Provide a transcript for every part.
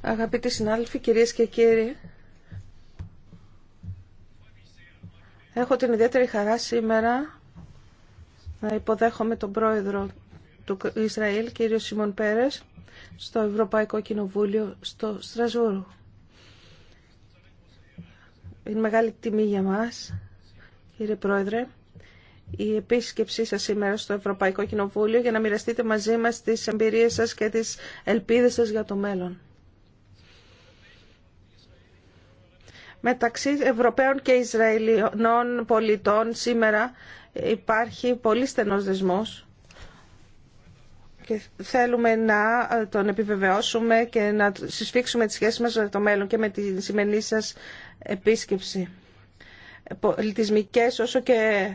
Αγαπητοί συνάδελφοι, κυρίες και κύριοι, έχω την ιδιαίτερη χαρά σήμερα να υποδέχομαι τον πρόεδρο του Ισραήλ, κύριο Σιμών Πέρες, στο Ευρωπαϊκό Κοινοβούλιο στο Στρασβούργο. Είναι μεγάλη τιμή για μας, κύριε πρόεδρε, η επίσκεψή σας σήμερα στο Ευρωπαϊκό Κοινοβούλιο για να μοιραστείτε μαζί μας τις εμπειρίες σας και τις ελπίδες σας για το μέλλον. Μεταξύ Ευρωπαίων και Ισραηλινών πολιτών σήμερα υπάρχει πολύ στενός δεσμός και θέλουμε να τον επιβεβαιώσουμε και να συσφίξουμε τις σχέσεις μας με το μέλλον και με τη σημερινή σας επίσκεψη. Πολιτισμικές όσο και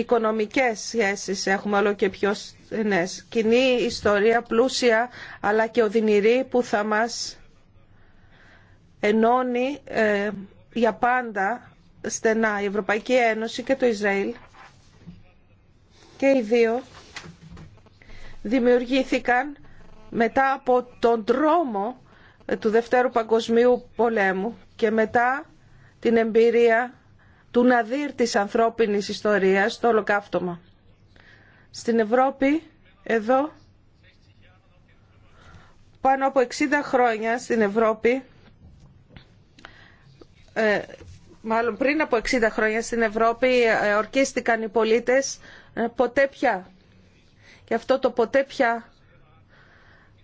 οικονομικές σχέσεις έχουμε όλο και πιο στενές. Κοινή ιστορία πλούσια αλλά και οδυνηρή που θα μας ενώνει ε, για πάντα στενά η Ευρωπαϊκή Ένωση και το Ισραήλ και οι δύο δημιουργήθηκαν μετά από τον τρόμο του Δευτέρου Παγκοσμίου Πολέμου και μετά την εμπειρία του ναδύρ της ανθρώπινης ιστορίας, το ολοκαύτωμα. Στην Ευρώπη, εδώ, πάνω από 60 χρόνια στην Ευρώπη, ε, μάλλον πριν από 60 χρόνια στην Ευρώπη, ε, ορκίστηκαν οι πολίτες ε, ποτέ πια. Και αυτό το ποτέ πια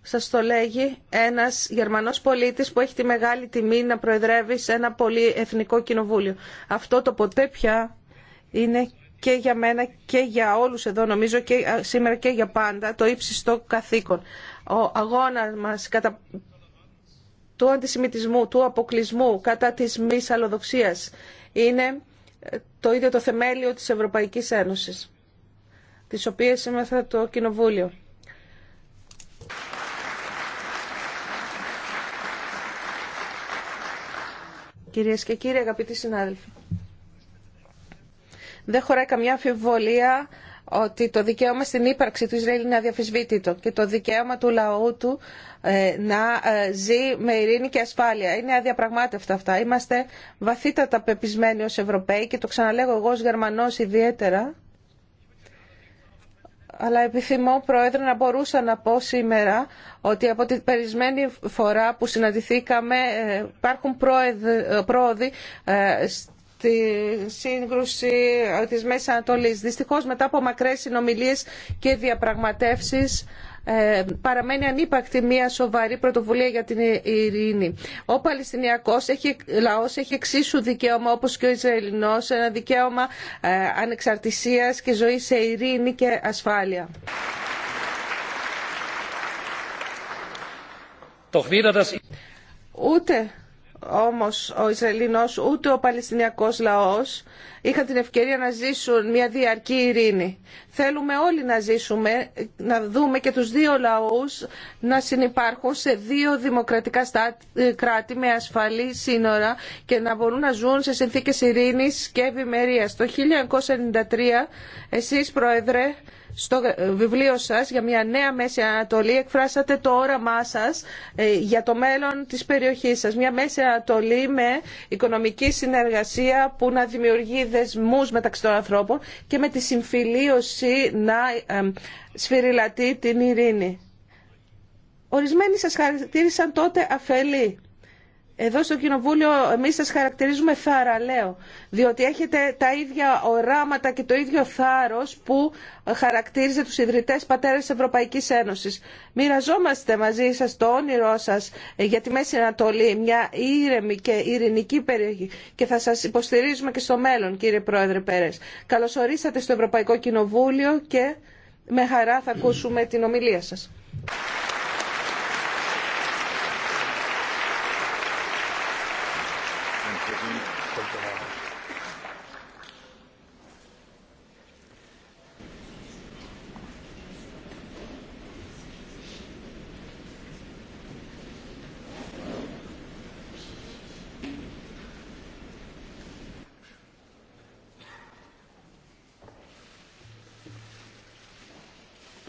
σας το λέγει ένας Γερμανός πολίτης που έχει τη μεγάλη τιμή να προεδρεύει σε ένα πολύ εθνικό κοινοβούλιο. Αυτό το ποτέ πια είναι και για μένα και για όλους εδώ νομίζω και σήμερα και για πάντα το ύψιστο καθήκον. Ο αγώνας μας κατά του αντισημιτισμού, του αποκλεισμού, κατά της μη αλλοδοξίας είναι το ίδιο το θεμέλιο της Ευρωπαϊκής Ένωσης, της οποίας είμαστε το Κοινοβούλιο. Κυρίες και κύριοι, αγαπητοί συνάδελφοι, δεν χωράει καμιά αμφιβολία ότι το δικαίωμα στην ύπαρξη του Ισραήλ είναι αδιαφυσβήτητο και το δικαίωμα του λαού του ε, να ε, ζει με ειρήνη και ασφάλεια. Είναι αδιαπραγμάτευτα αυτά. Είμαστε βαθύτατα πεπισμένοι ως Ευρωπαίοι και το ξαναλέγω εγώ ως Γερμανός ιδιαίτερα αλλά επιθυμώ, Πρόεδρε, να μπορούσα να πω σήμερα ότι από την περισμένη φορά που συναντηθήκαμε ε, υπάρχουν πρόοδοι ε, στη σύγκρουση ε, της Μέσης Ανατολής. Δυστυχώς μετά από μακρές συνομιλίες και διαπραγματεύσεις ε, παραμένει ανύπαρκτη μια σοβαρή πρωτοβουλία για την ειρήνη. Ο Παλαιστινιακό έχει, λαός έχει εξίσου δικαίωμα όπω και ο Ισραηλινό, ένα δικαίωμα ε, ανεξαρτησία και ζωή σε ειρήνη και ασφάλεια. Ούτε όμως ο Ισραηλινός ούτε ο Παλαιστινιακός λαός είχαν την ευκαιρία να ζήσουν μια διαρκή ειρήνη. Θέλουμε όλοι να ζήσουμε, να δούμε και τους δύο λαούς να συνεπάρχουν σε δύο δημοκρατικά ε, κράτη με ασφαλή σύνορα και να μπορούν να ζουν σε συνθήκες ειρήνης και ευημερίας. Το 1993 εσείς Πρόεδρε στο βιβλίο σας για μια νέα Μέση Ανατολή εκφράσατε το όραμά σας ε, για το μέλλον της περιοχής σας. Μια Μέση Ανατολή με οικονομική συνεργασία που να δημιουργεί δεσμούς μεταξύ των ανθρώπων και με τη συμφιλίωση να ε, σφυριλατεί την ειρήνη. Ορισμένοι σας χαρακτήρισαν τότε αφελή. Εδώ στο Κοινοβούλιο εμείς σας χαρακτηρίζουμε θαραλέο, διότι έχετε τα ίδια οράματα και το ίδιο θάρρος που χαρακτήριζε τους ιδρυτές πατέρες της Ευρωπαϊκής Ένωσης. Μοιραζόμαστε μαζί σας το όνειρό σας για τη Μέση Ανατολή, μια ήρεμη και ειρηνική περιοχή και θα σας υποστηρίζουμε και στο μέλλον κύριε Πρόεδρε Πέρες. Καλωσορίσατε στο Ευρωπαϊκό Κοινοβούλιο και με χαρά θα ακούσουμε την ομιλία σας.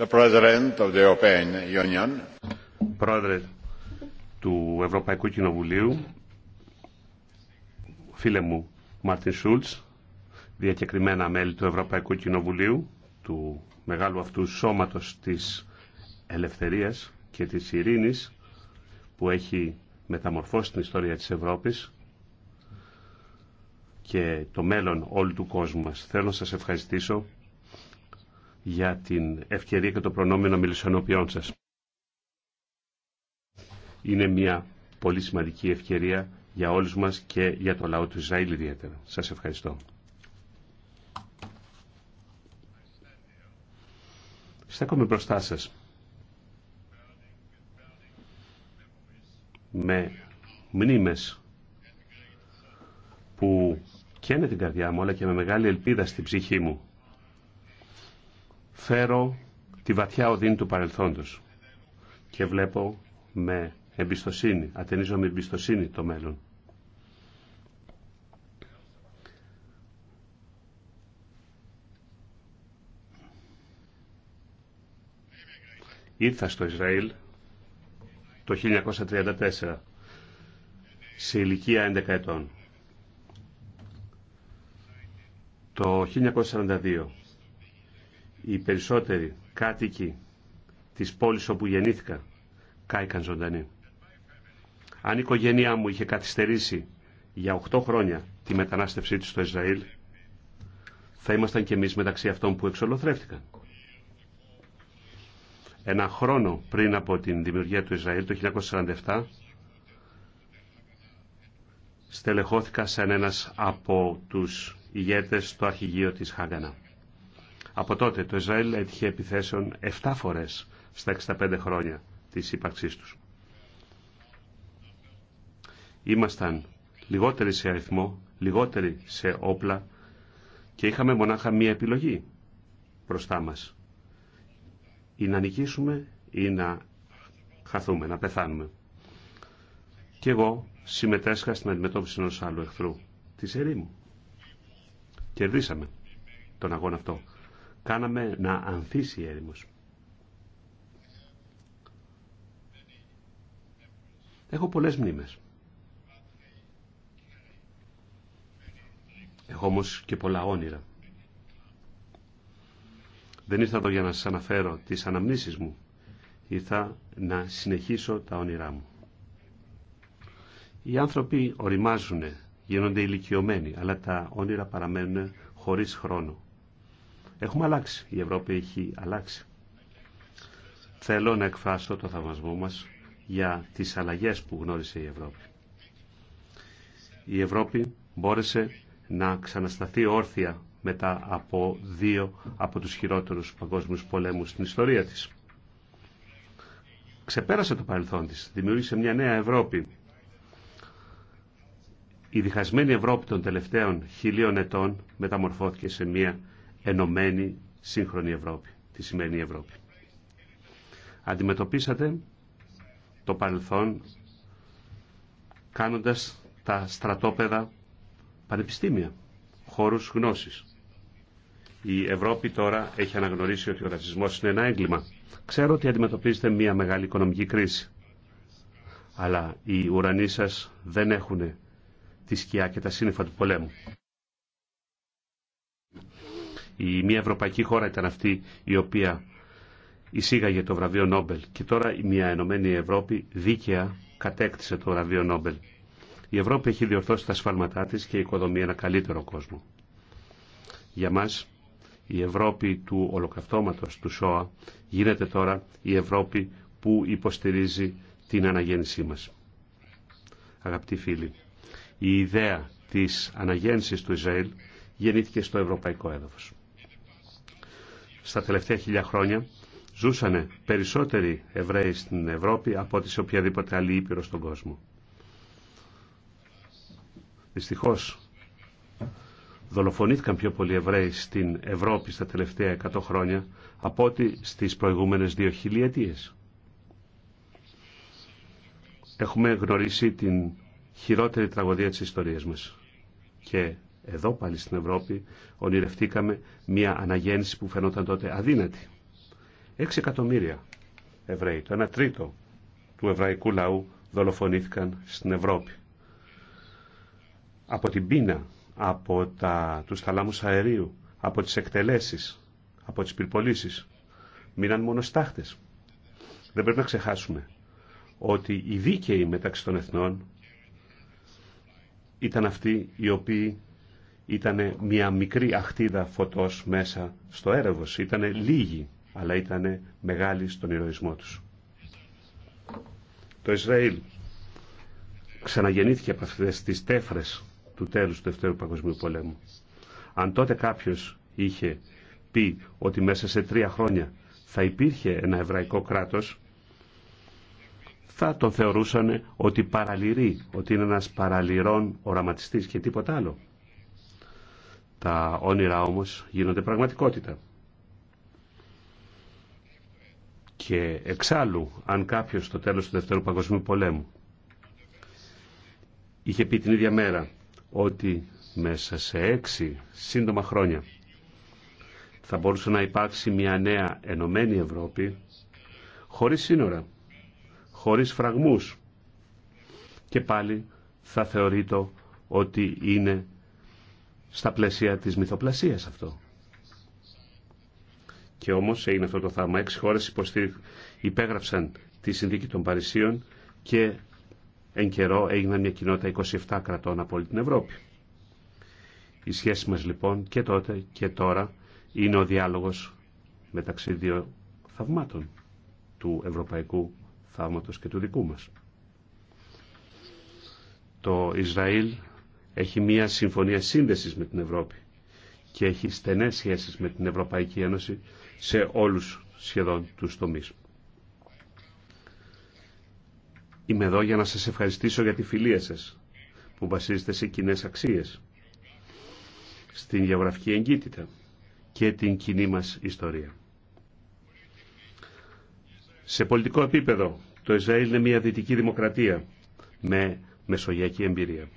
Πρόεδρε του Ευρωπαϊκού Κοινοβουλίου, φίλε μου Μάρτιν Σούλτς, διακεκριμένα μέλη του Ευρωπαϊκού Κοινοβουλίου, του μεγάλου αυτού σώματος της ελευθερίας και της ειρήνης που έχει μεταμορφώσει την ιστορία της Ευρώπης και το μέλλον όλου του κόσμου μας. Θέλω να σας ευχαριστήσω για την ευκαιρία και το προνόμιο να μιλήσω ενώπιόν σας. Είναι μια πολύ σημαντική ευκαιρία για όλους μας και για το λαό του Ισραήλ ιδιαίτερα. Σας ευχαριστώ. Στέκομαι μπροστά σας με μνήμες που καίνε την καρδιά μου αλλά και με μεγάλη ελπίδα στην ψυχή μου φέρω τη βαθιά οδύνη του παρελθόντος και βλέπω με εμπιστοσύνη, ατενίζω με εμπιστοσύνη το μέλλον. Ήρθα στο Ισραήλ το 1934 σε ηλικία 11 ετών. Το 1942 οι περισσότεροι κάτοικοι της πόλης όπου γεννήθηκα κάηκαν ζωντανοί. Αν η οικογένειά μου είχε καθυστερήσει για 8 χρόνια τη μετανάστευσή του στο Ισραήλ, θα ήμασταν κι εμείς μεταξύ αυτών που εξολοθρεύτηκαν. Ένα χρόνο πριν από την δημιουργία του Ισραήλ, το 1947, στελεχώθηκα σαν ένας από τους ηγέτες στο αρχηγείο της Χάγκανα. Από τότε το Ισραήλ έτυχε επιθέσεων 7 φορές στα 65 χρόνια της ύπαρξής τους. Ήμασταν λιγότεροι σε αριθμό, λιγότεροι σε όπλα και είχαμε μονάχα μία επιλογή μπροστά μας. Ή να νικήσουμε ή να χαθούμε, να πεθάνουμε. Και εγώ συμμετέσχα στην αντιμετώπιση ενός άλλου εχθρού, της ερήμου. Κερδίσαμε τον αγώνα αυτό κάναμε να ανθίσει η έρημος. Έχω πολλές μνήμες. Έχω όμως και πολλά όνειρα. Δεν ήρθα εδώ για να σας αναφέρω τις αναμνήσεις μου. Ήρθα να συνεχίσω τα όνειρά μου. Οι άνθρωποι οριμάζουν, γίνονται ηλικιωμένοι, αλλά τα όνειρα παραμένουν χωρίς χρόνο. Έχουμε αλλάξει. Η Ευρώπη έχει αλλάξει. Θέλω να εκφράσω το θαυμασμό μας για τις αλλαγές που γνώρισε η Ευρώπη. Η Ευρώπη μπόρεσε να ξανασταθεί όρθια μετά από δύο από τους χειρότερους παγκόσμιους πολέμους στην ιστορία της. Ξεπέρασε το παρελθόν της, δημιούργησε μια νέα Ευρώπη. Η διχασμένη Ευρώπη των τελευταίων χιλίων ετών μεταμορφώθηκε σε μια ενωμένη σύγχρονη Ευρώπη, τη σημερινή Ευρώπη. Αντιμετωπίσατε το παρελθόν κάνοντας τα στρατόπεδα πανεπιστήμια, χώρους γνώσης. Η Ευρώπη τώρα έχει αναγνωρίσει ότι ο ρατσισμός είναι ένα έγκλημα. Ξέρω ότι αντιμετωπίζετε μια μεγάλη οικονομική κρίση. Αλλά οι ουρανοί σας δεν έχουν τη σκιά και τα σύννεφα του πολέμου η μια ευρωπαϊκή χώρα ήταν αυτή η οποία εισήγαγε το βραβείο Νόμπελ και τώρα η μια Ενωμένη Ευρώπη δίκαια κατέκτησε το βραβείο Νόμπελ. Η Ευρώπη έχει διορθώσει τα σφάλματά της και οικοδομεί ένα καλύτερο κόσμο. Για μας η Ευρώπη του ολοκαυτώματος του ΣΟΑ γίνεται τώρα η Ευρώπη που υποστηρίζει την αναγέννησή μας. Αγαπητοί φίλοι, η ιδέα της αναγέννησης του Ισραήλ γεννήθηκε στο ευρωπαϊκό έδαφος στα τελευταία χιλιά χρόνια ζούσαν περισσότεροι Εβραίοι στην Ευρώπη από ό,τι σε οποιαδήποτε άλλη ήπειρο στον κόσμο. Δυστυχώς δολοφονήθηκαν πιο πολλοί Εβραίοι στην Ευρώπη στα τελευταία 100 χρόνια από ό,τι στις προηγούμενες δύο χιλιετίες. Έχουμε γνωρίσει την χειρότερη τραγωδία της ιστορίας μας εδώ πάλι στην Ευρώπη ονειρευτήκαμε μια αναγέννηση που φαινόταν τότε αδύνατη. Έξι εκατομμύρια Εβραίοι, το ένα τρίτο του εβραϊκού λαού δολοφονήθηκαν στην Ευρώπη. Από την πείνα, από τα, τους θαλάμους αερίου, από τις εκτελέσεις, από τις πυρπολίσεις, μείναν μόνο στάχτες. Δεν πρέπει να ξεχάσουμε ότι οι δίκαιοι μεταξύ των εθνών ήταν αυτοί οι οποίοι ήταν μια μικρή αχτίδα φωτός μέσα στο έρευος. Ήταν λίγοι, αλλά ήταν μεγάλοι στον ηρωισμό τους. Το Ισραήλ ξαναγεννήθηκε από αυτές τις τέφρες του τέλους του Δευτέρου Παγκοσμίου Πολέμου. Αν τότε κάποιος είχε πει ότι μέσα σε τρία χρόνια θα υπήρχε ένα εβραϊκό κράτος, θα τον θεωρούσαν ότι παραλυρεί, ότι είναι ένας παραλυρών οραματιστής και τίποτα άλλο. Τα όνειρά όμως γίνονται πραγματικότητα. Και εξάλλου, αν κάποιος στο τέλος του Δευτέρου Παγκοσμίου Πολέμου είχε πει την ίδια μέρα ότι μέσα σε έξι σύντομα χρόνια θα μπορούσε να υπάρξει μια νέα ενωμένη Ευρώπη χωρίς σύνορα, χωρίς φραγμούς και πάλι θα θεωρείται ότι είναι στα πλαίσια της μυθοπλασίας αυτό. Και όμως έγινε αυτό το θαύμα. Έξι χώρες υπέγραψαν τη Συνδίκη των Παρισίων και εν καιρό έγιναν μια κοινότητα 27 κρατών από όλη την Ευρώπη. Η σχέση μας λοιπόν και τότε και τώρα είναι ο διάλογος μεταξύ δύο θαυμάτων του ευρωπαϊκού θαύματος και του δικού μας. Το Ισραήλ έχει μία συμφωνία σύνδεσης με την Ευρώπη και έχει στενές σχέσεις με την Ευρωπαϊκή Ένωση σε όλους σχεδόν τους τομείς. Είμαι εδώ για να σας ευχαριστήσω για τη φιλία σας που βασίζεται σε κοινέ αξίες, στην γεωγραφική εγκύτητα και την κοινή μας ιστορία. Σε πολιτικό επίπεδο, το Ισραήλ είναι μια δυτική δημοκρατία με μεσογειακή εμπειρία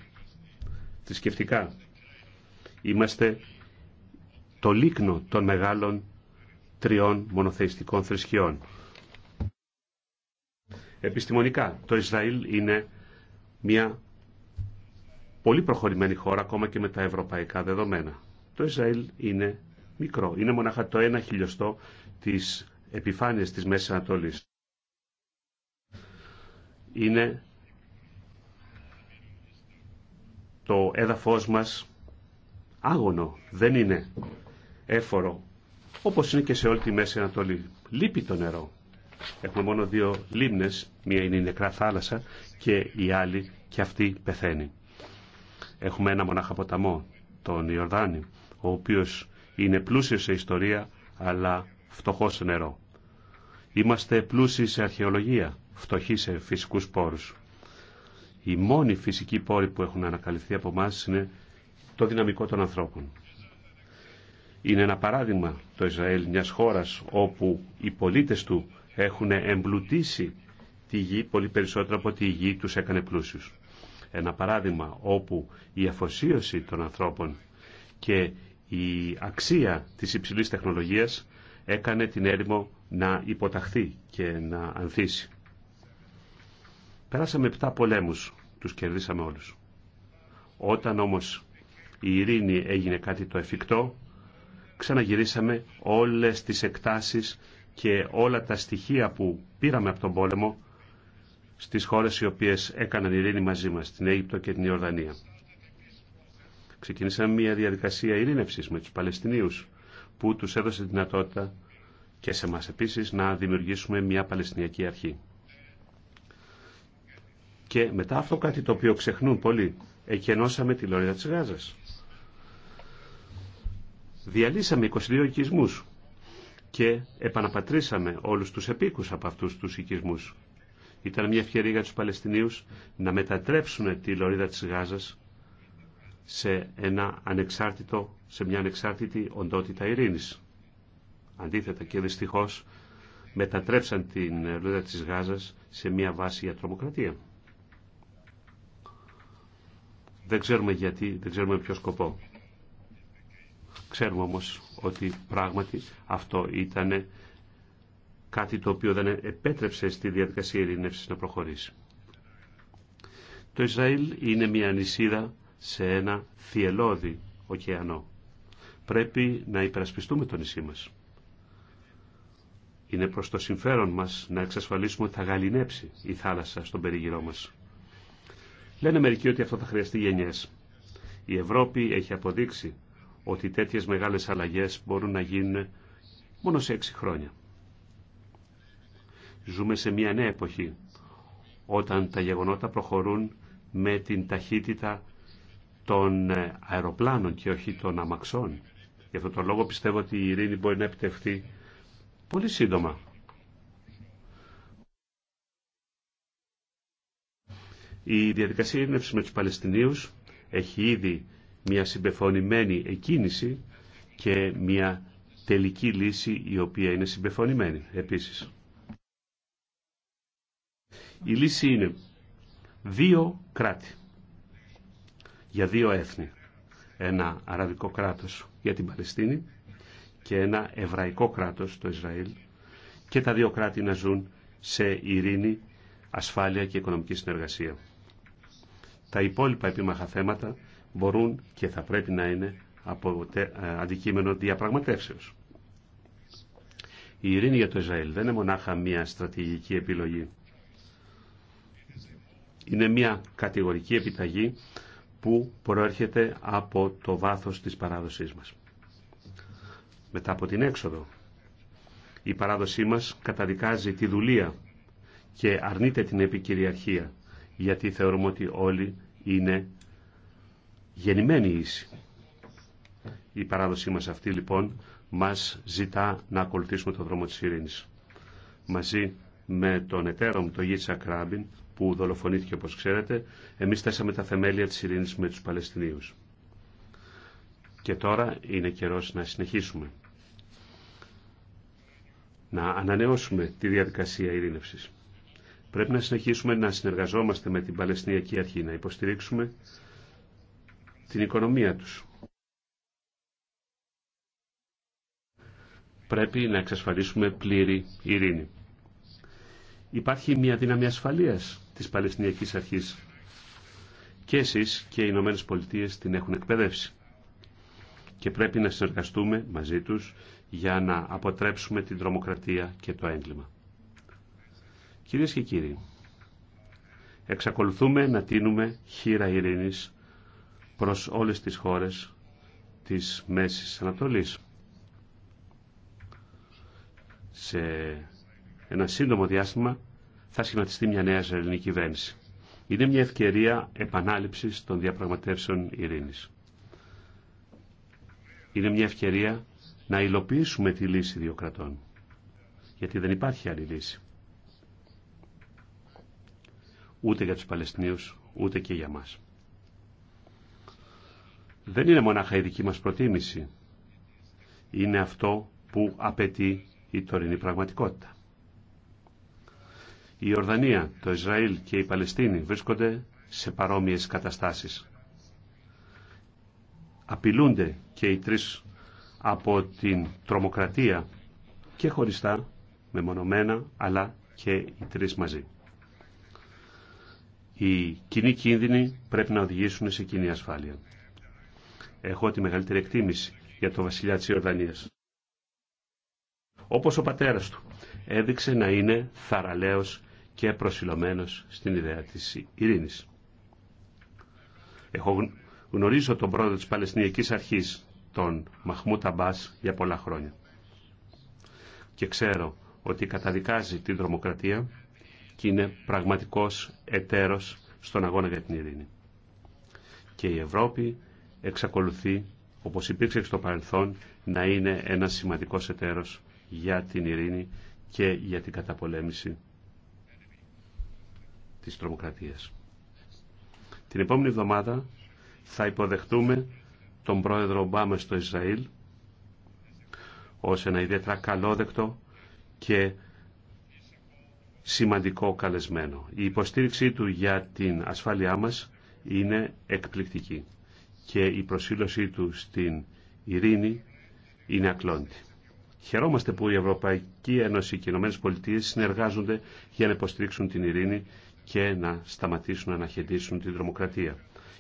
θρησκευτικά. Είμαστε το λίκνο των μεγάλων τριών μονοθεϊστικών θρησκειών. Επιστημονικά, το Ισραήλ είναι μια πολύ προχωρημένη χώρα ακόμα και με τα ευρωπαϊκά δεδομένα. Το Ισραήλ είναι μικρό. Είναι μονάχα το ένα χιλιοστό της επιφάνειας της Μέσης Ανατολής. Είναι το έδαφος μας άγωνο, δεν είναι έφορο, όπως είναι και σε όλη τη Μέση Ανατολή. Λείπει το νερό. Έχουμε μόνο δύο λίμνες, μία είναι η νεκρά θάλασσα και η άλλη και αυτή πεθαίνει. Έχουμε ένα μονάχα ποταμό, τον Ιορδάνη, ο οποίος είναι πλούσιος σε ιστορία, αλλά φτωχός σε νερό. Είμαστε πλούσιοι σε αρχαιολογία, φτωχοί σε φυσικούς πόρους οι μόνοι φυσικοί πόροι που έχουν ανακαλυφθεί από εμά είναι το δυναμικό των ανθρώπων. Είναι ένα παράδειγμα το Ισραήλ μιας χώρας όπου οι πολίτες του έχουν εμπλουτίσει τη γη πολύ περισσότερο από ότι η γη τους έκανε πλούσιους. Ένα παράδειγμα όπου η αφοσίωση των ανθρώπων και η αξία της υψηλής τεχνολογίας έκανε την έρημο να υποταχθεί και να ανθίσει. Περάσαμε 7 πολέμους τους κερδίσαμε όλους. Όταν όμως η ειρήνη έγινε κάτι το εφικτό, ξαναγυρίσαμε όλες τις εκτάσεις και όλα τα στοιχεία που πήραμε από τον πόλεμο στις χώρες οι οποίες έκαναν ειρήνη μαζί μας, την Αίγυπτο και την Ιορδανία. Ξεκινήσαμε μια διαδικασία ειρήνευσης με τους Παλαιστινίους που τους έδωσε τη δυνατότητα και σε μας επίσης να δημιουργήσουμε μια Παλαιστινιακή αρχή. Και μετά αυτό κάτι το οποίο ξεχνούν πολύ, εκενώσαμε τη Λωρίδα της Γάζας. Διαλύσαμε 22 οικισμούς και επαναπατρίσαμε όλους τους επίκους από αυτούς τους οικισμούς. Ήταν μια ευκαιρία για τους Παλαιστινίους να μετατρέψουν τη Λωρίδα της Γάζας σε, ένα ανεξάρτητο, σε μια ανεξάρτητη οντότητα ειρήνης. Αντίθετα και δυστυχώς μετατρέψαν την Λωρίδα της Γάζας σε μια βάση για τρομοκρατία. Δεν ξέρουμε γιατί, δεν ξέρουμε ποιο σκοπό. Ξέρουμε όμως ότι πράγματι αυτό ήταν κάτι το οποίο δεν επέτρεψε στη διαδικασία ειρήνευσης να προχωρήσει. Το Ισραήλ είναι μια νησίδα σε ένα θυελώδη ωκεανό. Πρέπει να υπερασπιστούμε το νησί μας. Είναι προς το συμφέρον μας να εξασφαλίσουμε ότι θα γαλινέψει η θάλασσα στον περίγυρό μας. Λένε μερικοί ότι αυτό θα χρειαστεί γενιές. Η Ευρώπη έχει αποδείξει ότι τέτοιε μεγάλες αλλαγέ μπορούν να γίνουν μόνο σε έξι χρόνια. Ζούμε σε μια νέα εποχή, όταν τα γεγονότα προχωρούν με την ταχύτητα των ε, αεροπλάνων και όχι των αμαξών. Γι' αυτό το λόγο πιστεύω ότι η ειρήνη μπορεί να επιτευχθεί πολύ σύντομα. Η διαδικασία ειρήνευσης με τους Παλαιστινίους έχει ήδη μια συμπεφωνημένη εκκίνηση και μια τελική λύση η οποία είναι συμπεφωνημένη επίσης. Η λύση είναι δύο κράτη για δύο έθνη. Ένα αραβικό κράτος για την Παλαιστίνη και ένα εβραϊκό κράτος, το Ισραήλ, και τα δύο κράτη να ζουν σε ειρήνη, ασφάλεια και οικονομική συνεργασία. Τα υπόλοιπα επίμαχα θέματα μπορούν και θα πρέπει να είναι από ε, αντικείμενο διαπραγματεύσεως. Η ειρήνη για το Ισραήλ δεν είναι μονάχα μια στρατηγική επιλογή. Είναι μια κατηγορική επιταγή που προέρχεται από το βάθος της παράδοσής μας. Μετά από την έξοδο, η παράδοσή μας καταδικάζει τη δουλεία και αρνείται την επικυριαρχία γιατί θεωρούμε ότι όλοι είναι γεννημένοι ίσοι. Η παράδοσή μας αυτή λοιπόν μας ζητά να ακολουθήσουμε το δρόμο της ειρήνης. Μαζί με τον εταίρο μου, τον Γίτσα Κράμπιν, που δολοφονήθηκε όπως ξέρετε, εμείς θέσαμε τα θεμέλια της ειρήνης με τους Παλαιστινίους. Και τώρα είναι καιρός να συνεχίσουμε. Να ανανεώσουμε τη διαδικασία ειρήνευσης. Πρέπει να συνεχίσουμε να συνεργαζόμαστε με την Παλαιστινιακή Αρχή, να υποστηρίξουμε την οικονομία τους. Πρέπει να εξασφαλίσουμε πλήρη ειρήνη. Υπάρχει μια δύναμη ασφαλείας της Παλαιστινιακής Αρχής και εσείς και οι Ηνωμένε Πολιτείες την έχουν εκπαιδεύσει και πρέπει να συνεργαστούμε μαζί τους για να αποτρέψουμε την τρομοκρατία και το έγκλημα. Κυρίες και κύριοι, εξακολουθούμε να τίνουμε χείρα ειρήνης προς όλες τις χώρες της Μέσης Ανατολής. Σε ένα σύντομο διάστημα θα σχηματιστεί μια νέα ελληνική κυβέρνηση. Είναι μια ευκαιρία επανάληψης των διαπραγματεύσεων ειρήνης. Είναι μια ευκαιρία να υλοποιήσουμε τη λύση δύο κρατών. Γιατί δεν υπάρχει άλλη λύση ούτε για τους Παλαιστινίους, ούτε και για μας. Δεν είναι μονάχα η δική μας προτίμηση. Είναι αυτό που απαιτεί η τωρινή πραγματικότητα. Η Ορδανία, το Ισραήλ και η Παλαιστίνη βρίσκονται σε παρόμοιες καταστάσεις. Απειλούνται και οι τρεις από την τρομοκρατία και χωριστά, μεμονωμένα, αλλά και οι τρεις μαζί οι κοινοί κίνδυνοι πρέπει να οδηγήσουν σε κοινή ασφάλεια. Έχω τη μεγαλύτερη εκτίμηση για τον βασιλιά της Ιορδανίας. Όπως ο πατέρας του έδειξε να είναι θαραλέος και προσιλωμένος στην ιδέα της ειρήνης. Έχω γνωρίζω τον πρόεδρο της Παλαιστινιακής Αρχής, τον Μαχμού Αμπάς για πολλά χρόνια. Και ξέρω ότι καταδικάζει την τρομοκρατία και είναι πραγματικός εταίρος στον αγώνα για την ειρήνη. Και η Ευρώπη εξακολουθεί, όπως υπήρξε στο παρελθόν, να είναι ένας σημαντικός εταίρος για την ειρήνη και για την καταπολέμηση της τρομοκρατίας. Την επόμενη εβδομάδα θα υποδεχτούμε τον πρόεδρο Ομπάμα στο Ισραήλ ως ένα ιδιαίτερα καλόδεκτο και σημαντικό καλεσμένο. Η υποστήριξή του για την ασφάλειά μας είναι εκπληκτική και η προσήλωσή του στην ειρήνη είναι ακλόντη. Χαιρόμαστε που η Ευρωπαϊκή Ένωση και οι Ηνωμένε Πολιτείε συνεργάζονται για να υποστηρίξουν την ειρήνη και να σταματήσουν να αναχαιτήσουν την τρομοκρατία.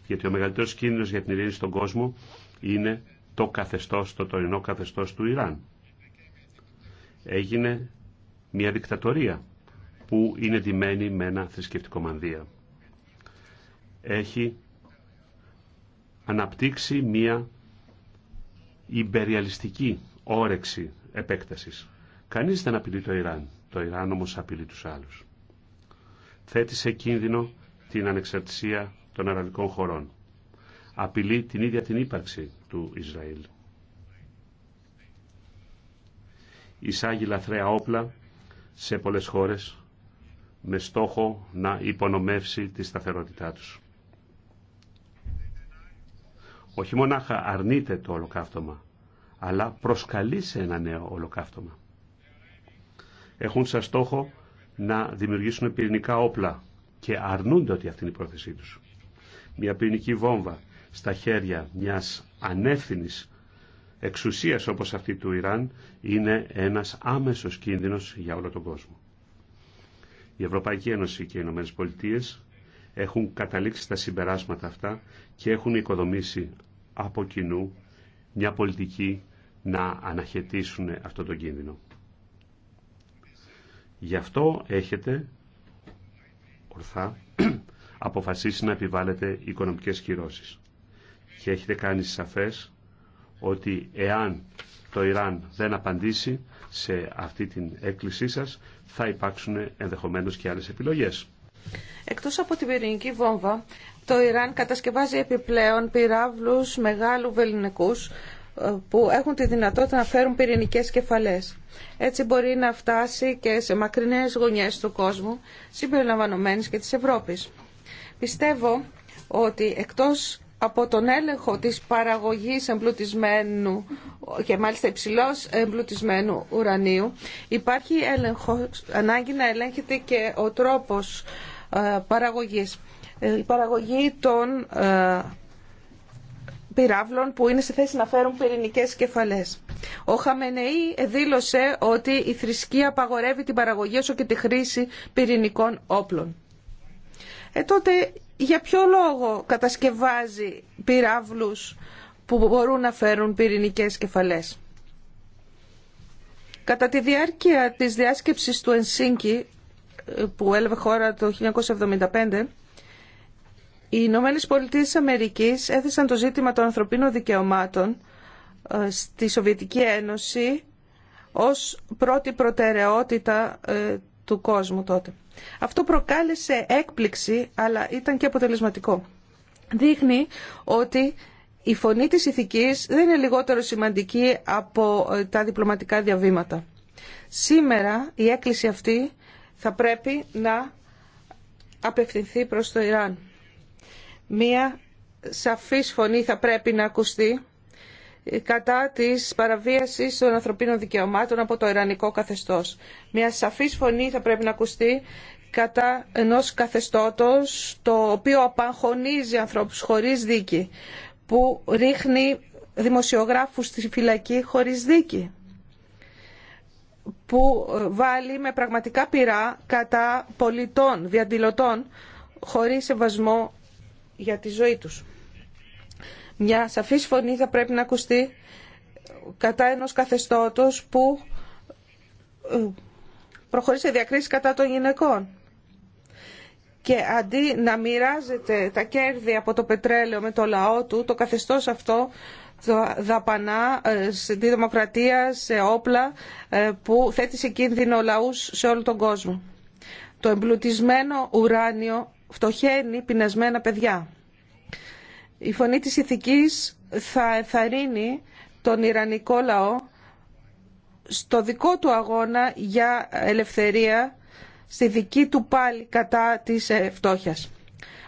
Γιατί ο μεγαλύτερος κίνδυνος για την ειρήνη στον κόσμο είναι το καθεστώς, το τωρινό καθεστώς του Ιράν. Έγινε μια δικτατορία που είναι δημένη με ένα θρησκευτικό μανδύα. Έχει αναπτύξει μία υπεριαλιστική όρεξη επέκτασης. Κανείς δεν απειλεί το Ιράν. Το Ιράν όμως απειλεί τους άλλους. Θέτει σε κίνδυνο την ανεξαρτησία των αραβικών χωρών. Απειλεί την ίδια την ύπαρξη του Ισραήλ. Εισάγει λαθρέα όπλα σε πολλές χώρες με στόχο να υπονομεύσει τη σταθερότητά τους. Όχι μονάχα αρνείται το ολοκαύτωμα, αλλά προσκαλεί σε ένα νέο ολοκαύτωμα. Έχουν σαν στόχο να δημιουργήσουν πυρηνικά όπλα και αρνούνται ότι αυτή είναι η πρόθεσή τους. Μια πυρηνική βόμβα στα χέρια μιας ανεύθυνης εξουσίας όπως αυτή του Ιράν είναι ένας άμεσος κίνδυνος για όλο τον κόσμο. Η Ευρωπαϊκή Ένωση και οι Ηνωμένε Πολιτείε έχουν καταλήξει στα συμπεράσματα αυτά και έχουν οικοδομήσει από κοινού μια πολιτική να αναχαιτήσουν αυτό το κίνδυνο. Γι' αυτό έχετε ορθά αποφασίσει να επιβάλλετε οικονομικές κυρώσεις και έχετε κάνει σαφές ότι εάν το Ιράν δεν απαντήσει σε αυτή την έκκλησή σας, θα υπάρξουν ενδεχομένως και άλλες επιλογές. Εκτός από την πυρηνική βόμβα, το Ιράν κατασκευάζει επιπλέον πυράβλους μεγάλου βεληνικούς ε, που έχουν τη δυνατότητα να φέρουν πυρηνικές κεφαλές. Έτσι μπορεί να φτάσει και σε μακρινές γωνιές του κόσμου, συμπεριλαμβανομένης και της Ευρώπης. Πιστεύω ότι εκτός από τον έλεγχο της παραγωγής εμπλουτισμένου και μάλιστα υψηλό εμπλουτισμένου ουρανίου υπάρχει έλεγχος, ανάγκη να ελέγχεται και ο τρόπος ε, παραγωγής. Ε, η παραγωγή των ε, πυράβλων που είναι σε θέση να φέρουν πυρηνικές κεφαλές. Ο Χαμενεή δήλωσε ότι η θρησκεία απαγορεύει την παραγωγή όσο και τη χρήση πυρηνικών όπλων για ποιο λόγο κατασκευάζει πυράβλους που μπορούν να φέρουν πυρηνικές κεφαλές. Κατά τη διάρκεια της διάσκεψης του Ενσίνκη που έλαβε χώρα το 1975, οι Ηνωμένε Πολιτείε Αμερικής έθεσαν το ζήτημα των ανθρωπίνων δικαιωμάτων ε, στη Σοβιετική Ένωση ως πρώτη προτεραιότητα ε, του κόσμου τότε. Αυτό προκάλεσε έκπληξη, αλλά ήταν και αποτελεσματικό. Δείχνει ότι η φωνή της ηθικής δεν είναι λιγότερο σημαντική από ε, τα διπλωματικά διαβήματα. Σήμερα η έκκληση αυτή θα πρέπει να απευθυνθεί προς το Ιράν. Μία σαφής φωνή θα πρέπει να ακουστεί κατά της παραβίασης των ανθρωπίνων δικαιωμάτων από το Ιρανικό καθεστώς. Μια σαφής φωνή θα πρέπει να ακουστεί κατά ενός καθεστώτος το οποίο απαγχωνίζει ανθρώπους χωρίς δίκη, που ρίχνει δημοσιογράφους στη φυλακή χωρίς δίκη που βάλει με πραγματικά πειρά κατά πολιτών, διαδηλωτών, χωρίς σεβασμό για τη ζωή τους. Μια σαφής φωνή θα πρέπει να ακουστεί κατά ενός καθεστώτος που ε, προχωρεί σε διακρίσεις κατά των γυναικών. Και αντί να μοιράζεται τα κέρδη από το πετρέλαιο με το λαό του, το καθεστώς αυτό το δαπανά ε, στη δημοκρατία, σε όπλα ε, που θέτει σε κίνδυνο λαούς σε όλο τον κόσμο. Το εμπλουτισμένο ουράνιο φτωχαίνει πεινασμένα παιδιά. Η φωνή της ηθικής θα εθαρρύνει τον Ιρανικό λαό στο δικό του αγώνα για ελευθερία, στη δική του πάλι κατά της φτώχειας.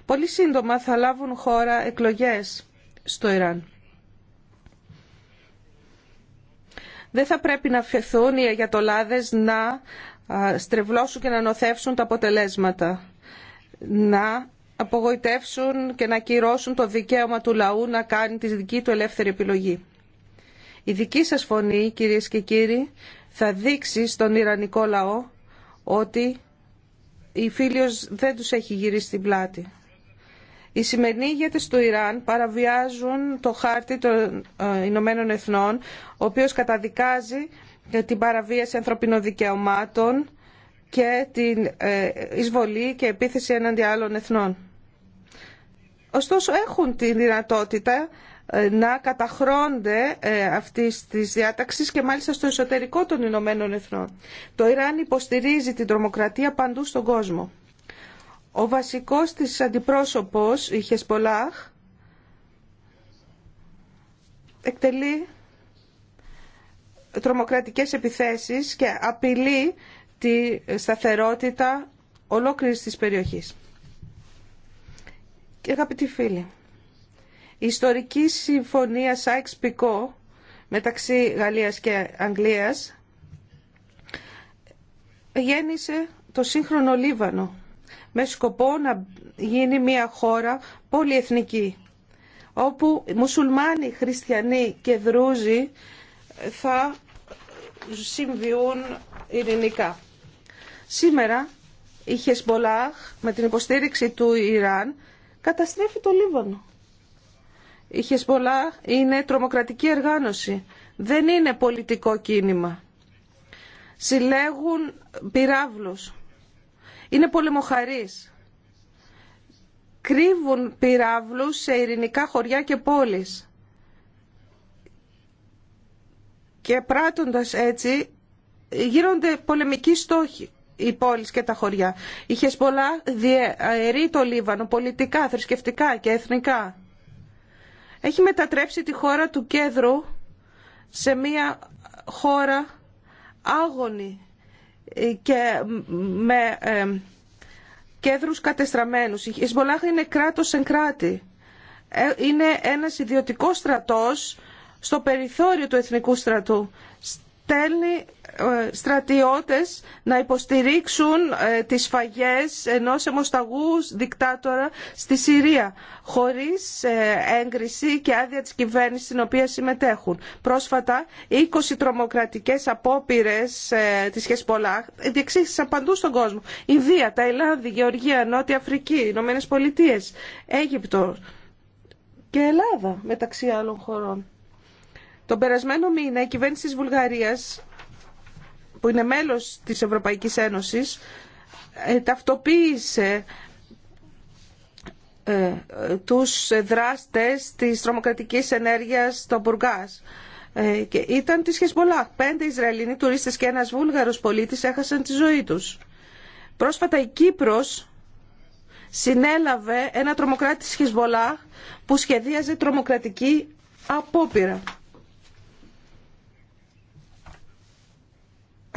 Πολύ σύντομα θα λάβουν χώρα εκλογές στο Ιράν. Δεν θα πρέπει να αφαιθούν οι αγιατολάδες να στρεβλώσουν και να νοθεύσουν τα αποτελέσματα. Να απογοητεύσουν και να κυρώσουν το δικαίωμα του λαού να κάνει τη δική του ελεύθερη επιλογή. Η δική σας φωνή, κυρίες και κύριοι, θα δείξει στον Ιρανικό λαό ότι η Φίλιος δεν τους έχει γυρίσει την πλάτη. Οι σημερινοί ηγέτες του Ιράν παραβιάζουν το χάρτη των ε, Ηνωμένων Εθνών, ο οποίος καταδικάζει την παραβίαση ανθρωπινών δικαιωμάτων και την ε, εισβολή και επίθεση έναντι άλλων εθνών. Ωστόσο έχουν τη δυνατότητα ε, να καταχρώνται ε, αυτή τη διάταξη και μάλιστα στο εσωτερικό των Ηνωμένων Εθνών. Το Ιράν υποστηρίζει την τρομοκρατία παντού στον κόσμο. Ο βασικός της αντιπρόσωπος, η Χεσπολάχ, εκτελεί τρομοκρατικές επιθέσεις και απειλεί τη σταθερότητα ολόκληρης της περιοχής. Και αγαπητοί φίλοι, η ιστορική συμφωνία Σάιξ Πικό μεταξύ Γαλλίας και Αγγλίας γέννησε το σύγχρονο Λίβανο με σκοπό να γίνει μια χώρα πολυεθνική όπου μουσουλμάνοι, χριστιανοί και δρούζοι θα συμβιούν ειρηνικά. Σήμερα η Χεσμολάχ με την υποστήριξη του Ιράν καταστρέφει το Λίβανο. Η Χεσπολά είναι τρομοκρατική εργάνωση. Δεν είναι πολιτικό κίνημα. Συλλέγουν πυράβλους. Είναι πολεμοχαρείς. Κρύβουν πυράβλους σε ειρηνικά χωριά και πόλεις. Και πράττοντας έτσι γίνονται πολεμικοί στόχοι οι πόλεις και τα χωριά. Η Χεσπολά διαιρεί το Λίβανο πολιτικά, θρησκευτικά και εθνικά. Έχει μετατρέψει τη χώρα του κέντρου σε μια χώρα άγωνη και με ε, κέντρους κατεστραμμένους. Η είναι κράτος εν κράτη. Ε, είναι ένας ιδιωτικός στρατός στο περιθώριο του εθνικού στρατού στέλνει ε, στρατιώτες να υποστηρίξουν ε, τις φαγές ενός αιμοσταγού δικτάτορα στη Συρία χωρίς ε, έγκριση και άδεια της κυβέρνησης στην οποία συμμετέχουν. Πρόσφατα 20 τρομοκρατικές απόπειρες της Χεσπολάχ διεξήχθησαν παντού στον κόσμο. Ινδία, Ταϊλάνδη, Γεωργία, Νότια Αφρική, Ηνωμένε Πολιτείες, Αίγυπτο και Ελλάδα μεταξύ άλλων χωρών. Τον περασμένο μήνα η κυβέρνηση της Βουλγαρίας, που είναι μέλος της Ευρωπαϊκής Ένωσης, ε, ταυτοποίησε ε, τους δράστες της τρομοκρατικής ενέργειας στο Μπουργκάς. Ε, και ήταν της Χεσμολάχ. Πέντε Ισραηλινοί τουρίστες και ένας Βούλγαρος πολίτης έχασαν τη ζωή τους. Πρόσφατα η Κύπρος συνέλαβε ένα τρομοκράτη της που σχεδίαζε τρομοκρατική απόπειρα.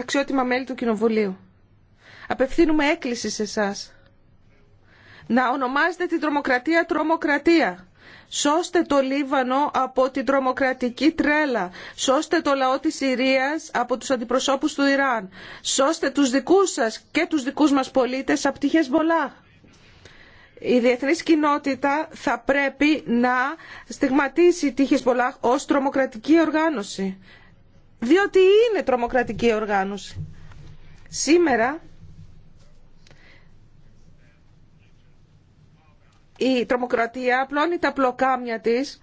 αξιότιμα μέλη του Κοινοβουλίου. Απευθύνουμε έκκληση σε εσά. Να ονομάζετε την τρομοκρατία τρομοκρατία. Σώστε το Λίβανο από την τρομοκρατική τρέλα. Σώστε το λαό της Συρίας από τους αντιπροσώπους του Ιράν. Σώστε τους δικούς σας και τους δικούς μας πολίτες από τύχες πολλά. Η διεθνής κοινότητα θα πρέπει να στιγματίσει τη Χεσμολάχ ως τρομοκρατική οργάνωση διότι είναι τρομοκρατική οργάνωση. Σήμερα η τρομοκρατία απλώνει τα πλοκάμια της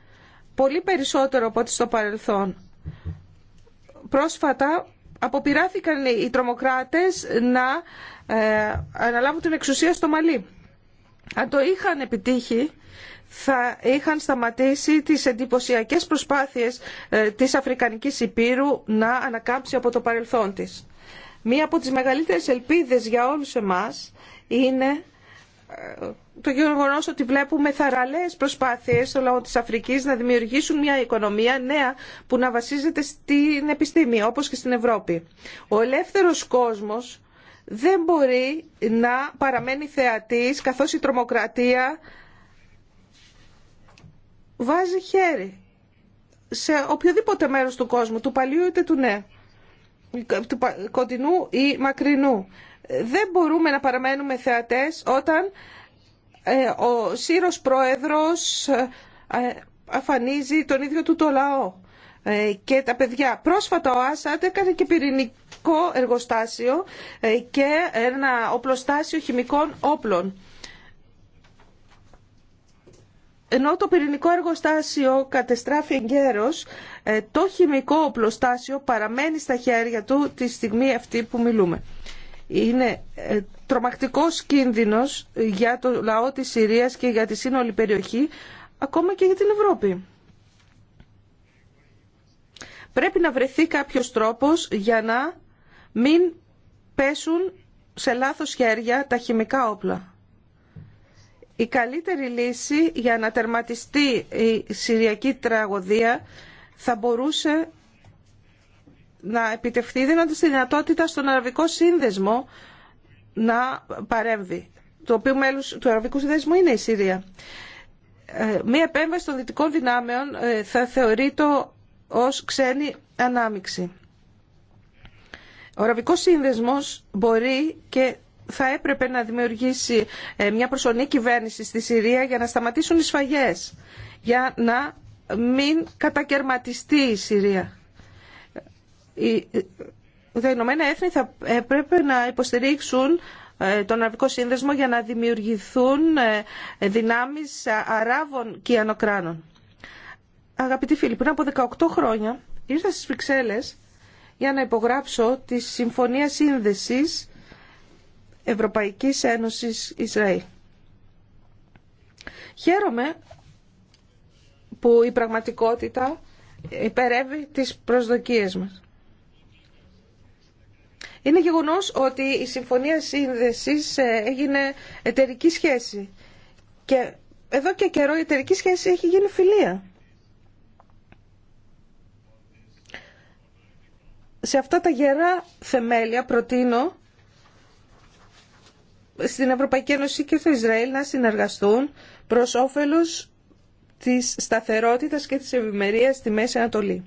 πολύ περισσότερο από ό,τι στο παρελθόν. Πρόσφατα αποπειράθηκαν οι τρομοκράτες να ε, αναλάβουν την εξουσία στο Μαλί. Αν το είχαν επιτύχει θα είχαν σταματήσει τις εντυπωσιακές προσπάθειες ε, της Αφρικανικής Υπήρου να ανακάμψει από το παρελθόν της. Μία από τις μεγαλύτερες ελπίδες για όλους εμάς είναι ε, το γεγονό ότι βλέπουμε θαραλέες προσπάθειες στο λαό της Αφρικής να δημιουργήσουν μια απο τις μεγαλυτερες ελπιδες για ολους εμας ειναι το γεγονος οτι βλεπουμε νέα που να βασίζεται στην επιστήμη όπως και στην Ευρώπη. Ο ελεύθερος κόσμος δεν μπορεί να παραμένει θεατής καθώς η τρομοκρατία βάζει χέρι σε οποιοδήποτε μέρος του κόσμου, του παλιού είτε του νέου, του κοντινού ή μακρινού. Δεν μπορούμε να παραμένουμε θεατές όταν ε, ο Σύρος Πρόεδρος ε, αφανίζει τον ίδιο του το λαό ε, και τα παιδιά. Πρόσφατα ο Άσαντ έκανε και πυρηνικό εργοστάσιο και ένα οπλοστάσιο χημικών όπλων ενώ το πυρηνικό εργοστάσιο κατεστράφει εγκαίρως, ε, το χημικό οπλοστάσιο παραμένει στα χέρια του τη στιγμή αυτή που μιλούμε. Είναι ε, τρομακτικός κίνδυνος για το λαό της Συρίας και για τη σύνολη περιοχή, ακόμα και για την Ευρώπη. Πρέπει να βρεθεί κάποιος τρόπος για να μην πέσουν σε λάθος χέρια τα χημικά όπλα η καλύτερη λύση για να τερματιστεί η Συριακή τραγωδία θα μπορούσε να επιτευχθεί δίνοντα τη δυνατότητα στον Αραβικό Σύνδεσμο να παρέμβει, το οποίο μέλος του Αραβικού Σύνδεσμου είναι η Συρία. Ε, μία επέμβαση των δυτικών δυνάμεων ε, θα θεωρεί το ως ξένη ανάμιξη. Ο Αραβικός Σύνδεσμος μπορεί και θα έπρεπε να δημιουργήσει ε, μια προσωρινή κυβέρνηση στη Συρία για να σταματήσουν οι σφαγές, για να μην κατακαιρματιστεί η Συρία. Ε, τα Ηνωμένα Έθνη θα έπρεπε να υποστηρίξουν ε, τον Αραβικό Σύνδεσμο για να δημιουργηθούν δυνάμεις Αράβων και Ανοκράνων. Αγαπητοί φίλοι, πριν από 18 χρόνια ήρθα στις Βρυξέλλες για να υπογράψω τη Συμφωνία Σύνδεσης Ευρωπαϊκής Ένωσης Ισραήλ. Χαίρομαι που η πραγματικότητα υπερεύει τις προσδοκίες μας. Είναι γεγονός ότι η Συμφωνία Σύνδεσης ε, έγινε εταιρική σχέση και εδώ και καιρό η εταιρική σχέση έχει γίνει φιλία. Σε αυτά τα γερά θεμέλια προτείνω στην Ευρωπαϊκή Ένωση και στο Ισραήλ να συνεργαστούν προς όφελος της σταθερότητας και της ευημερίας στη Μέση Ανατολή.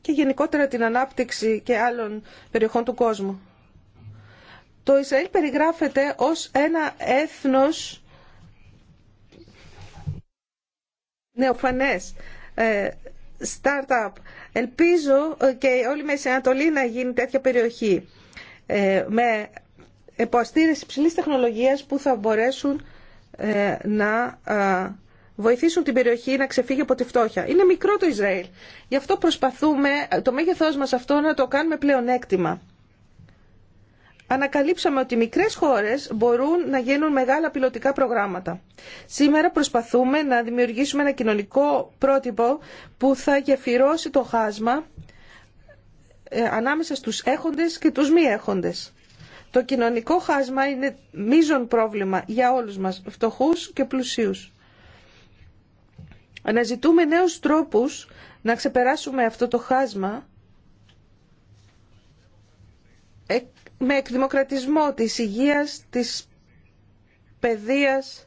και γενικότερα την ανάπτυξη και άλλων περιοχών του κόσμου. Το Ισραήλ περιγράφεται ως ένα έθνος νεοφανές ε, startup. Ελπίζω ε, και όλη η Μέση Ανατολή να γίνει τέτοια περιοχή ε, με υποστήρες υψηλή τεχνολογίας που θα μπορέσουν ε, να βοηθήσουν την περιοχή να ξεφύγει από τη φτώχεια. Είναι μικρό το Ισραήλ. Γι' αυτό προσπαθούμε το μέγεθός μας αυτό να το κάνουμε πλεονέκτημα ανακαλύψαμε ότι μικρές χώρες μπορούν να γίνουν μεγάλα πιλωτικά προγράμματα. Σήμερα προσπαθούμε να δημιουργήσουμε ένα κοινωνικό πρότυπο που θα γεφυρώσει το χάσμα ε, ανάμεσα στους έχοντες και τους μη έχοντες. Το κοινωνικό χάσμα είναι μείζον πρόβλημα για όλους μας, φτωχούς και πλουσίους. Αναζητούμε νέους τρόπους να ξεπεράσουμε αυτό το χάσμα ε, με εκδημοκρατισμό της υγείας, της παιδείας,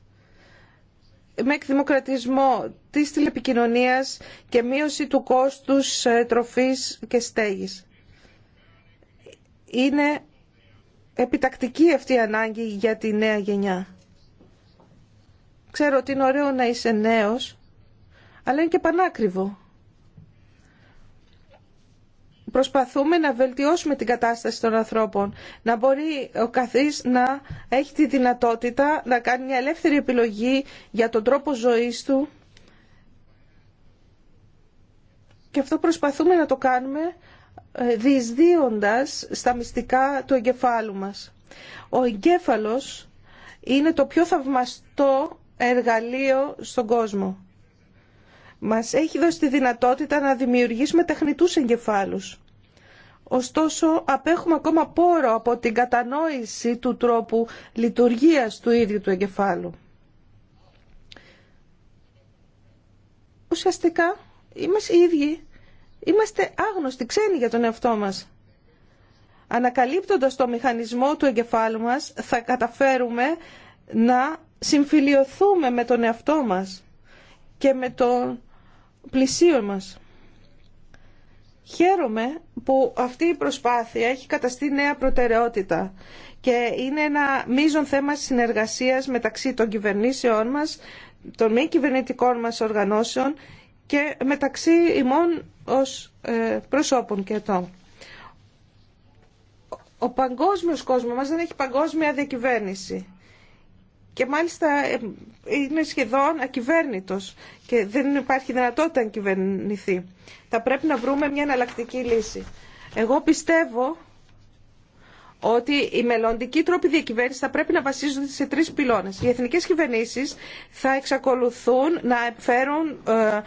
με εκδημοκρατισμό της τηλεπικοινωνίας και μείωση του κόστους ε, τροφής και στέγης. Είναι επιτακτική αυτή η ανάγκη για τη νέα γενιά. Ξέρω ότι είναι ωραίο να είσαι νέος, αλλά είναι και πανάκριβο προσπαθούμε να βελτιώσουμε την κατάσταση των ανθρώπων. Να μπορεί ο καθής να έχει τη δυνατότητα να κάνει μια ελεύθερη επιλογή για τον τρόπο ζωής του. Και αυτό προσπαθούμε να το κάνουμε ε, διεισδύοντας στα μυστικά του εγκεφάλου μας. Ο εγκέφαλος είναι το πιο θαυμαστό εργαλείο στον κόσμο. Μας έχει δώσει τη δυνατότητα να δημιουργήσουμε τεχνητούς εγκεφάλους. Ωστόσο, απέχουμε ακόμα πόρο από την κατανόηση του τρόπου λειτουργίας του ίδιου του εγκεφάλου. Ουσιαστικά, είμαστε οι ίδιοι. Είμαστε άγνωστοι, ξένοι για τον εαυτό μας. Ανακαλύπτοντας το μηχανισμό του εγκεφάλου μας, θα καταφέρουμε να συμφιλιωθούμε με τον εαυτό μας και με τον πλησίον μας. Χαίρομαι που αυτή η προσπάθεια έχει καταστεί νέα προτεραιότητα και είναι ένα μείζον θέμα συνεργασίας μεταξύ των κυβερνήσεών μας, των μη κυβερνητικών μας οργανώσεων και μεταξύ ημών ως ε, προσώπων και ετών. Ο παγκόσμιος κόσμος μας δεν έχει παγκόσμια διακυβέρνηση και μάλιστα ε, είναι σχεδόν ακυβέρνητος και δεν υπάρχει δυνατότητα να κυβερνηθεί. Θα πρέπει να βρούμε μια εναλλακτική λύση. Εγώ πιστεύω ότι οι μελλοντικοί τρόποι διακυβέρνηση θα πρέπει να βασίζονται σε τρεις πυλώνες. Οι εθνικές κυβερνήσεις θα εξακολουθούν να φέρουν ε,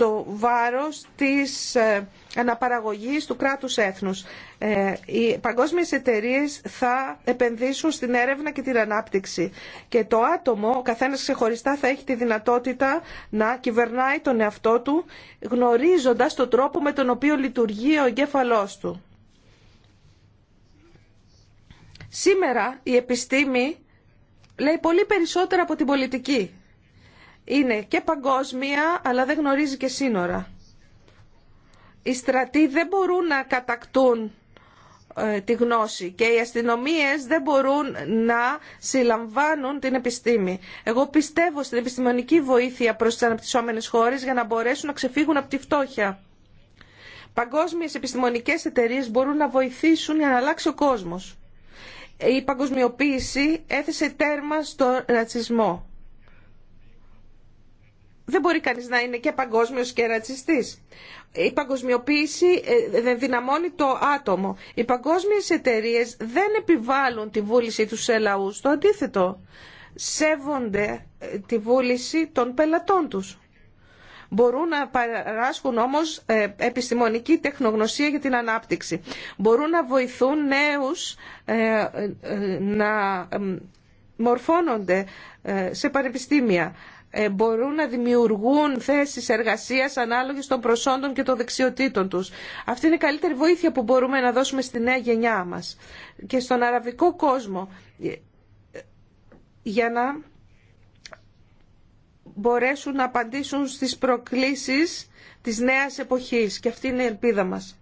το βάρος της ε, αναπαραγωγής του κράτους έθνους. Ε, οι παγκόσμιες εταιρείες θα επενδύσουν στην έρευνα και την ανάπτυξη και το άτομο, ο καθένας ξεχωριστά, θα έχει τη δυνατότητα να κυβερνάει τον εαυτό του γνωρίζοντας τον τρόπο με τον οποίο λειτουργεί ο εγκέφαλός του. Σήμερα η επιστήμη λέει πολύ περισσότερα από την πολιτική είναι και παγκόσμια αλλά δεν γνωρίζει και σύνορα. Οι στρατοί δεν μπορούν να κατακτούν ε, τη γνώση και οι αστυνομίες δεν μπορούν να συλλαμβάνουν την επιστήμη. Εγώ πιστεύω στην επιστημονική βοήθεια προς τις αναπτυσσόμενες χώρες για να μπορέσουν να ξεφύγουν από τη φτώχεια. Παγκόσμιες επιστημονικές εταιρείες μπορούν να βοηθήσουν για να αλλάξει ο κόσμος. Η παγκοσμιοποίηση έθεσε τέρμα στο ρατσισμό δεν μπορεί κανείς να είναι και παγκόσμιος και ρατσιστής. Η παγκοσμιοποίηση ε, δεν δυναμώνει το άτομο. Οι παγκόσμιες εταιρείε δεν επιβάλλουν τη βούληση τους σε λαούς. Το αντίθετο, σέβονται ε, τη βούληση των πελατών τους. Μπορούν να παράσχουν όμως ε, επιστημονική τεχνογνωσία για την ανάπτυξη. Μπορούν να βοηθούν νέους να μορφώνονται σε πανεπιστήμια. Ε, μπορούν να δημιουργούν θέσεις εργασίας ανάλογες των προσόντων και των δεξιοτήτων τους. Αυτή είναι η καλύτερη βοήθεια που μπορούμε να δώσουμε στη νέα γενιά μας και στον αραβικό κόσμο ε, για να μπορέσουν να απαντήσουν στις προκλήσεις της νέας εποχής και αυτή είναι η ελπίδα μας.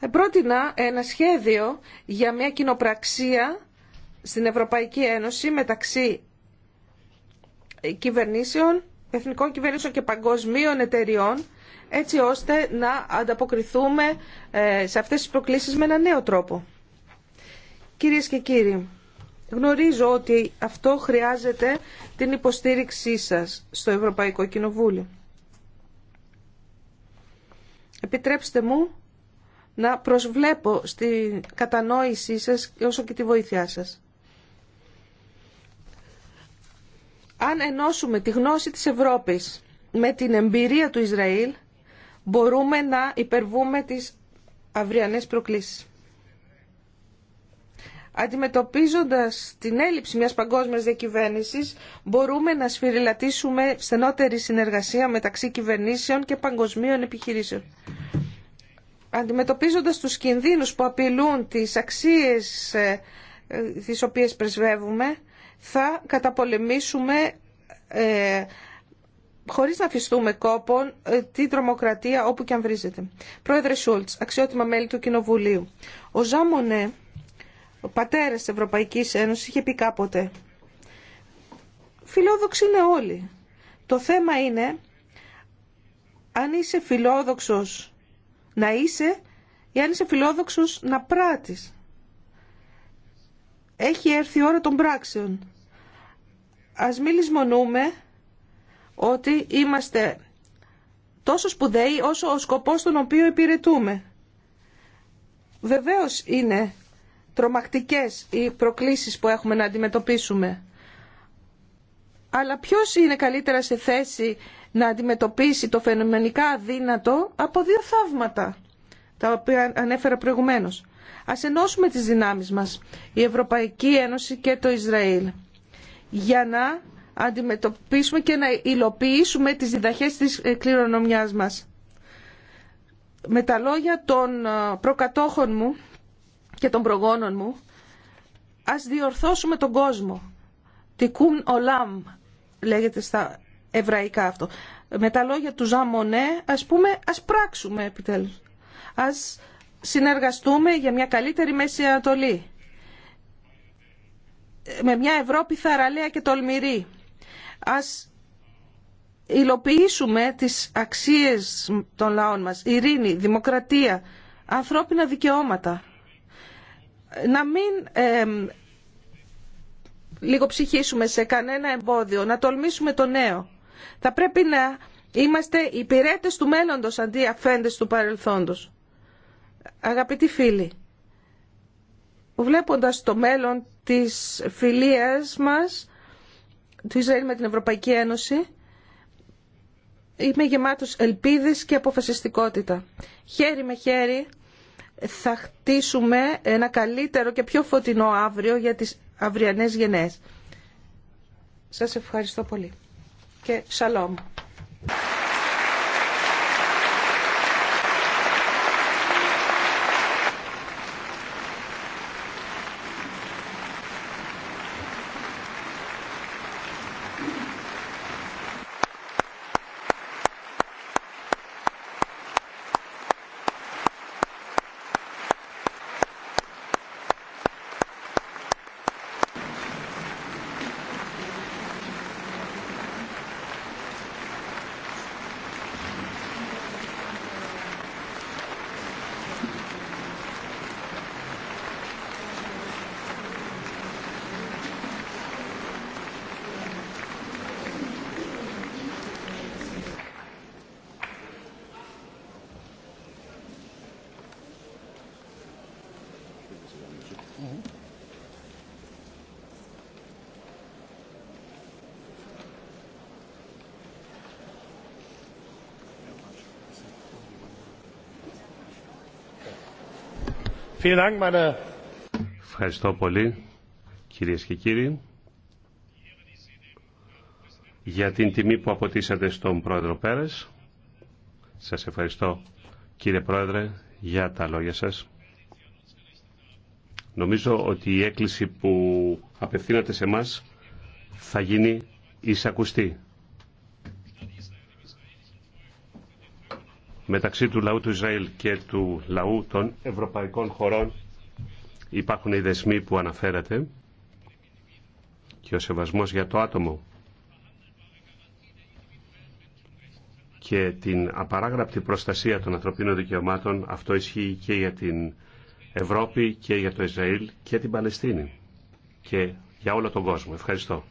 Ε, πρότεινα ένα σχέδιο για μια κοινοπραξία στην Ευρωπαϊκή Ένωση μεταξύ κυβερνήσεων, εθνικών κυβερνήσεων και παγκοσμίων εταιριών, έτσι ώστε να ανταποκριθούμε ε, σε αυτές τις προκλήσεις με ένα νέο τρόπο. Κυρίες και κύριοι, γνωρίζω ότι αυτό χρειάζεται την υποστήριξή σας στο Ευρωπαϊκό Κοινοβούλιο. Επιτρέψτε μου να προσβλέπω στην κατανόησή σας όσο και τη βοήθειά σας. αν ενώσουμε τη γνώση της Ευρώπης με την εμπειρία του Ισραήλ, μπορούμε να υπερβούμε τις αυριανές προκλήσεις. Αντιμετωπίζοντας την έλλειψη μιας παγκόσμιας διακυβέρνησης, μπορούμε να σφυριλατήσουμε στενότερη συνεργασία μεταξύ κυβερνήσεων και παγκοσμίων επιχειρήσεων. Αντιμετωπίζοντας τους κινδύνους που απειλούν τις αξίες ε, ε, τις οποίες πρεσβεύουμε, θα καταπολεμήσουμε ε, χωρίς να αφιστούμε κόπον ε, τη τρομοκρατία όπου και αν βρίζεται. Πρόεδρε Σούλτς, αξιότιμα μέλη του Κοινοβουλίου. Ο Ζάμονε, ο πατέρας της Ευρωπαϊκής Ένωσης, είχε πει κάποτε «Φιλόδοξοι είναι όλοι. Το θέμα είναι αν είσαι φιλόδοξος να είσαι ή αν είσαι φιλόδοξος να πράτης. Έχει έρθει η αν εισαι φιλοδοξος να πραττεις εχει ερθει η ωρα των πράξεων ας μην λησμονούμε ότι είμαστε τόσο σπουδαίοι όσο ο σκοπός τον οποίο υπηρετούμε. Βεβαίως είναι τρομακτικές οι προκλήσεις που έχουμε να αντιμετωπίσουμε. Αλλά ποιος είναι καλύτερα σε θέση να αντιμετωπίσει το φαινομενικά αδύνατο από δύο θαύματα, τα οποία ανέφερα προηγουμένως. Ας ενώσουμε τις δυνάμεις μας, η Ευρωπαϊκή Ένωση και το Ισραήλ για να αντιμετωπίσουμε και να υλοποιήσουμε τις διδαχές της ε, κληρονομιάς μας. Με τα λόγια των ε, προκατόχων μου και των προγόνων μου, ας διορθώσουμε τον κόσμο. Τικούν ολάμ, λέγεται στα εβραϊκά αυτό. Με τα λόγια του Ζαμονέ, ας πούμε, ας πράξουμε επιτέλους. Ας συνεργαστούμε για μια καλύτερη Μέση Ανατολή με μια Ευρώπη θαραλέα και τολμηρή. Ας υλοποιήσουμε τις αξίες των λαών μας. Ειρήνη, δημοκρατία, ανθρώπινα δικαιώματα. Να μην ε, λιγοψυχήσουμε σε κανένα εμπόδιο, να τολμήσουμε το νέο. Θα πρέπει να είμαστε υπηρέτες του μέλλοντος αντί αφέντες του παρελθόντος. Αγαπητοί φίλοι, βλέποντας το μέλλον της φιλίας μας, του Ισραήλ με την Ευρωπαϊκή Ένωση, είμαι γεμάτος ελπίδης και αποφασιστικότητα. Χέρι με χέρι θα χτίσουμε ένα καλύτερο και πιο φωτεινό αύριο για τις αυριανές γενναίες. Σας ευχαριστώ πολύ και σαλόμ. Ευχαριστώ πολύ κύριε και κύριοι για την τιμή που αποτίσατε στον Πρόεδρο Πέρες. Σας ευχαριστώ κύριε Πρόεδρε για τα λόγια σας. Νομίζω ότι η έκκληση που απευθύνατε σε μας θα γίνει εισακουστή. μεταξύ του λαού του Ισραήλ και του λαού των ευρωπαϊκών χωρών υπάρχουν οι δεσμοί που αναφέρατε και ο σεβασμός για το άτομο και την απαράγραπτη προστασία των ανθρωπίνων δικαιωμάτων αυτό ισχύει και για την Ευρώπη και για το Ισραήλ και την Παλαιστίνη και για όλο τον κόσμο. Ευχαριστώ.